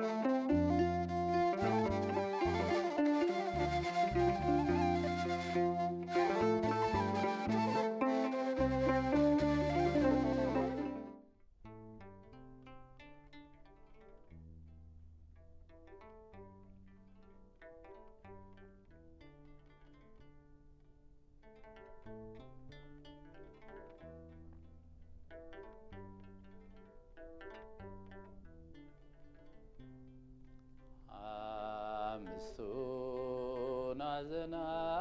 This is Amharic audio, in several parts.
Thank you.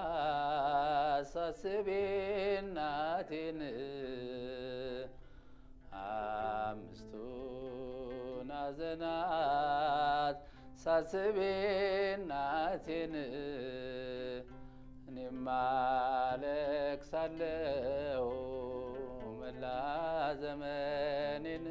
አሳስቤ እናቴን አምስቱን አዘናት ሳስቤ እናቴን መላ ዘመኔን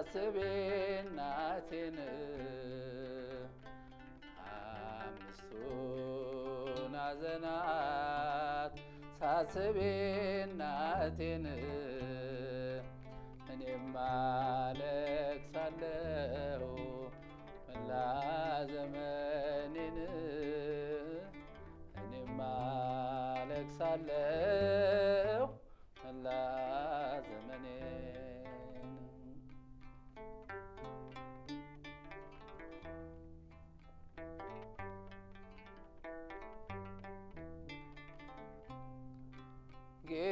አስቤ እናቴን አምስቱን አዘናት ሳስቤ እናቴን እኔም አለቅሳለሁ መላ ዘመኔን እኔም አለቅሳለሁ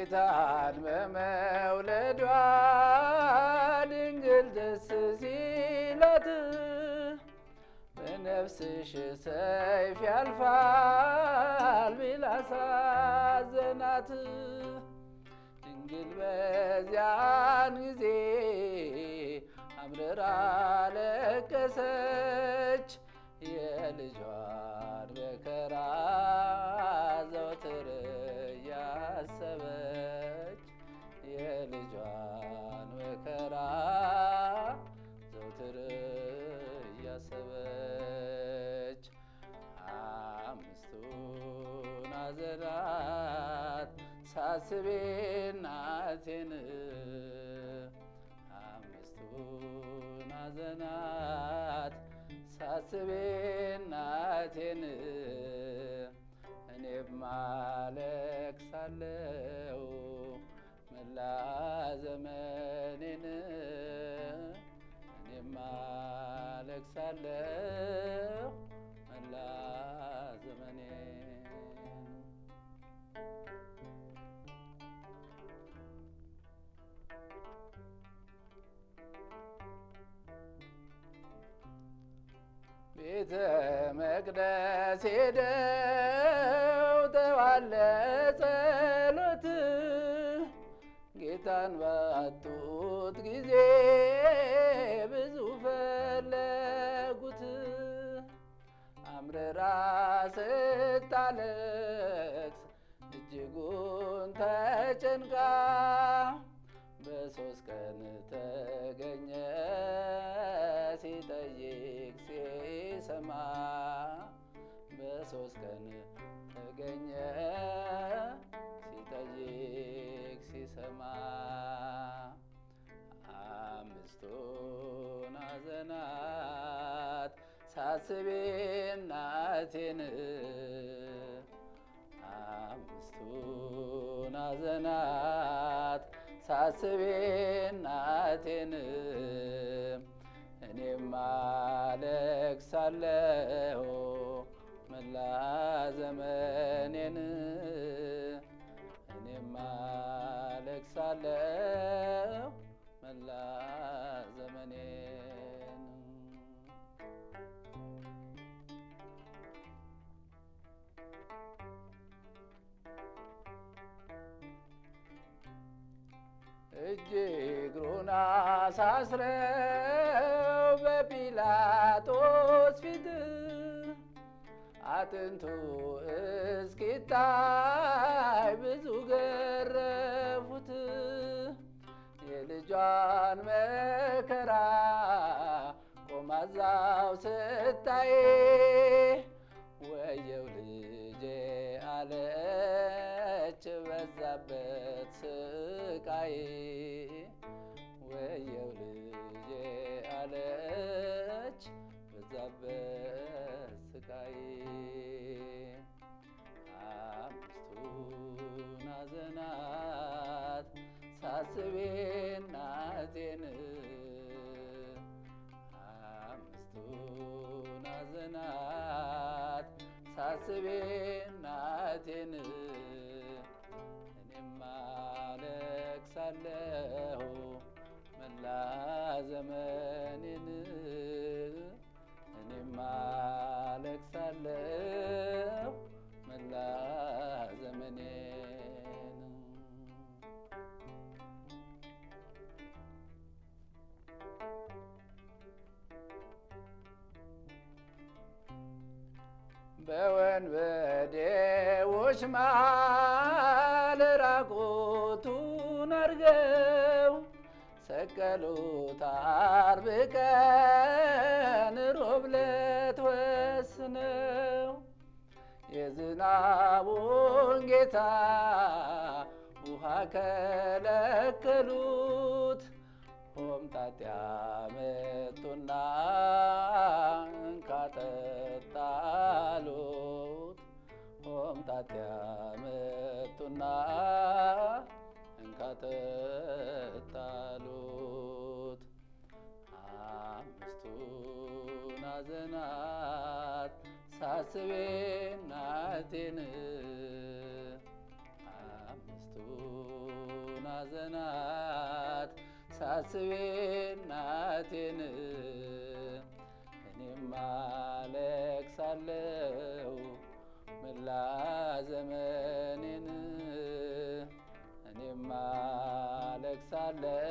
እመቤታን በመውለዷ ድንግል ደስ ሲላት በነፍስሽ ሰይፍ ያልፋል ቢላ ሳዘናት ድንግል በዚያን ጊዜ አምረራ ለቀሰች የልጇን መከራ ዘወትር አስቤ እናቴን አምስቱን ማዕዘናት ሳስቤ እናቴን እኔም አለቅሳለሁ መላ ዘመኔን እኔም አለቅሳለሁ ቤተ መቅደስ ሄደው ተዋለ ጸሎት ጌታን ባጡት ጊዜ ብዙ ፈለጉት። አምርራ ስታለቅስ እጅጉን ተጨንቃ በሶስት ቀን ተገኘ ሲጠይቅ ሲሰማ አምስቱን ሐዘናት ሳስቤ እናቴን አምስቱን ሐዘናት ሳስቤ እናቴን እኔም አለቅሳለሁ መላ ዘመኔን እኔማ ለቅሳለሁ መላ ዘመኔን እጅ እግሩን አጥንቱ እስኪታይ ብዙ ገረፉት። የልጇን መከራ ቆማዛው ስታይ ወየው ልጄ አለች በዛበት ስቃይ பேசுவே በወንበዴዎች መሃል ራቁቱን አርገው ሰቀሉት ዓርብ ቀን ሮብ ዕለት ወስነው የዝናቡን ጌታ ውሃ ከለከሉት። ሆምጣጤ አመጡና እንካጠ ቃላት ያመጡና እንካተታሉት አምስቱን አዘናት ሳስቤ እናቴን አምስቱን አዘናት ሳስቤ እናቴን እኔም አለቅሳለሁ ዘመኔን እኔማ ለቅሳለሁ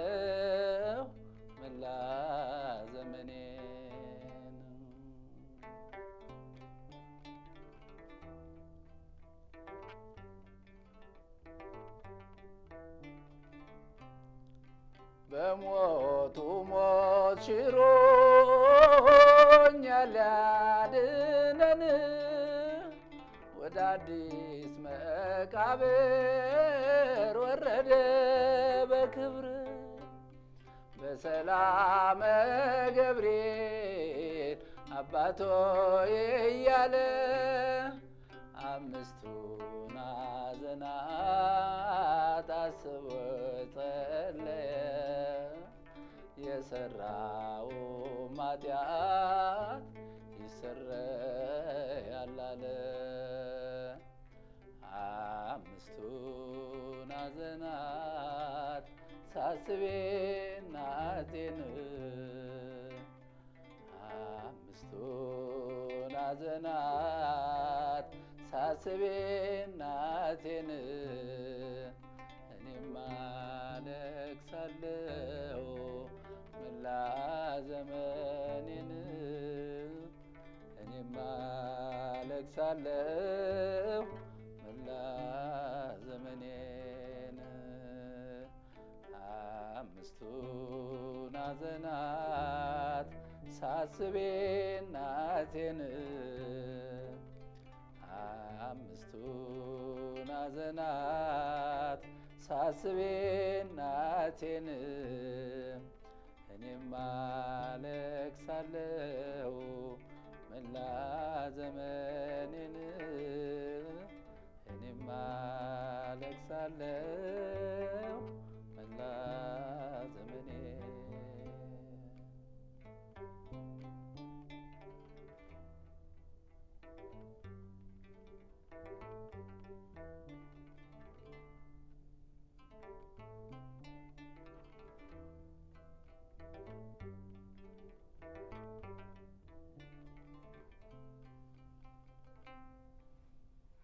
አዲስ መቃብር ወረደ በክብር በሰላመ ገብርኤል አባቶ እያለ አምስቱን አዘናት አስቦ ጸለየ። የሰራው ማጢያት ሳስቤ ናቴን አምስቱን አዘናት ሳስቤ ናቴን እኔም አለቅሳለሁ መላ ዘመኔን እኔም አለቅሳለሁ ማዘናት ሳስቤ እናቴን አምስቱን ማዘናት ሳስቤ እናቴን እኔም አለቅሳለሁ መላ ዘመኔን እኔም አለቅሳለሁ